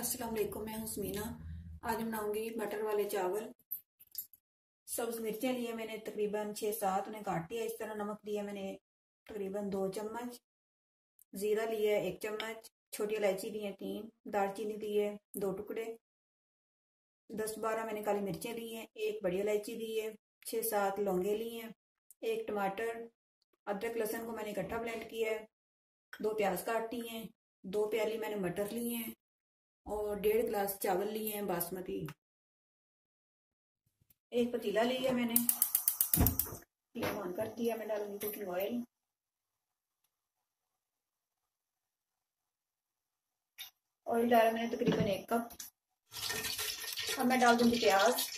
अस्सलाम वालेकुम मैं हुसमीना आज बनाऊंगी मटर वाले चावल सब्ज मिर्चें लिए मैंने तकरीबन छः सात उन्हें काट लिया इस तरह नमक लिया मैंने तकरीबन दो चम्मच ज़ीरा लिया एक चम्मच छोटी इलायची ली है तीन दालचीनी ली है दो टुकड़े दस बारह मैंने काली मिर्चें ली हैं एक बड़ी इलायची ली है छः सात लौंगे लिए हैं एक टमाटर अदरक लहसुन को मैंने इकट्ठा ब्लेंड किया है दो प्याज काट हैं दो प्याली मैंने मटर ली हैं और डेढ़ ग्लास चावल लिए हैं बासमती एक पतीला लिया है मैंने फ्लेम ऑन कर दिया मैं डालूंगी कुकिंग ऑयल ऑयल डाला मैंने तकरीबन एक कप अब मैं डाल दूंगी प्याज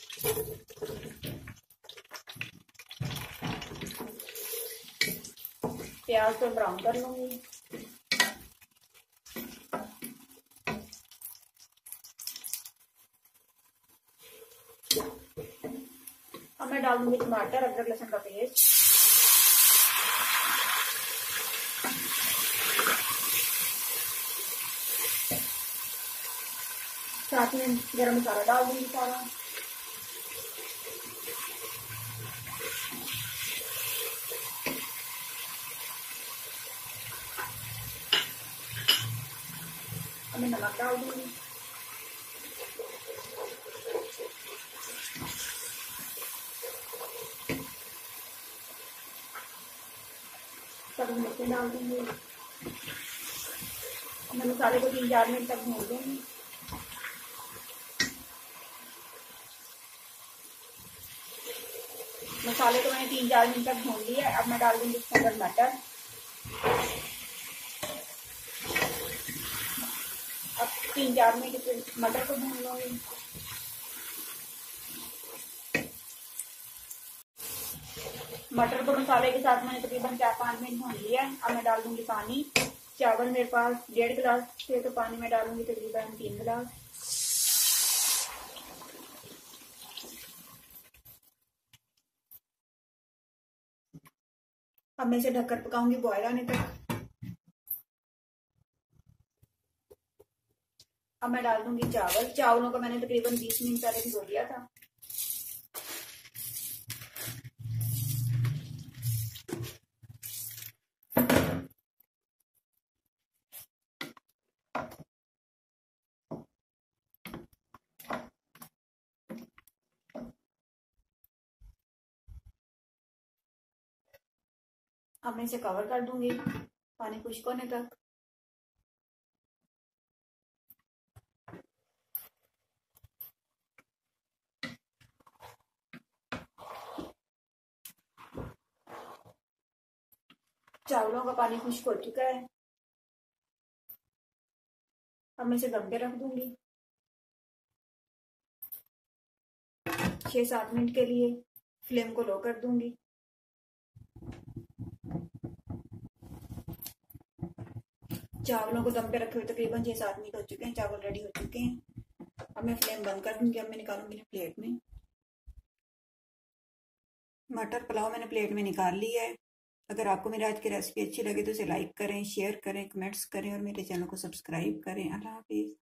प्याज को ब्राउन कर लूंगी अब मैं डाल दूंगी टमाटर अदरक लहसुन का पेस्ट साथ में गरम मसाला डाल दूंगी सारा अब मैं नमक डाल दूंगी सब मिर्चें डाल देंगे मसाले को तीन चार मिनट तक भून देंगे मसाले को तो मैंने तीन चार मिनट तक भून लिया अब मैं डाल दूंगी इसके अंदर मटर तीन चार मिनट मटर को भून लूंगी मटर को मसाले के साथ मैंने तकरीबन चार पाँच मिनट भून लिया है अब मैं डाल दूंगी पानी चावल मेरे पास डेढ़ गिलास थे तो पानी में डालूंगी तकरीबन तीन गिलास अब मैं इसे ढककर पकाऊंगी बॉयल आने तक अब मैं डाल दूंगी चावल चावलों को मैंने तकरीबन 20 मिनट पहले भिगो दिया था अब मैं इसे कवर कर दूंगी पानी खुश्क होने तक चावलों का पानी खुश्क हो चुका है अब मैं इसे दम पे रख दूंगी छह सात मिनट के लिए फ्लेम को लो कर दूंगी चावलों को दम पे रखे हुए तकरीबन तो छह सात मिनट हो चुके हैं चावल रेडी हो चुके हैं अब मैं फ्लेम बंद कर दूंगी अब मैं निकालूंगी प्लेट में मटर पुलाव मैंने प्लेट में निकाल लिया है अगर आपको मेरी आज की रेसिपी अच्छी लगे तो इसे लाइक करें शेयर करें कमेंट्स करें और मेरे चैनल को सब्सक्राइब करें अल्लाह हाफिज़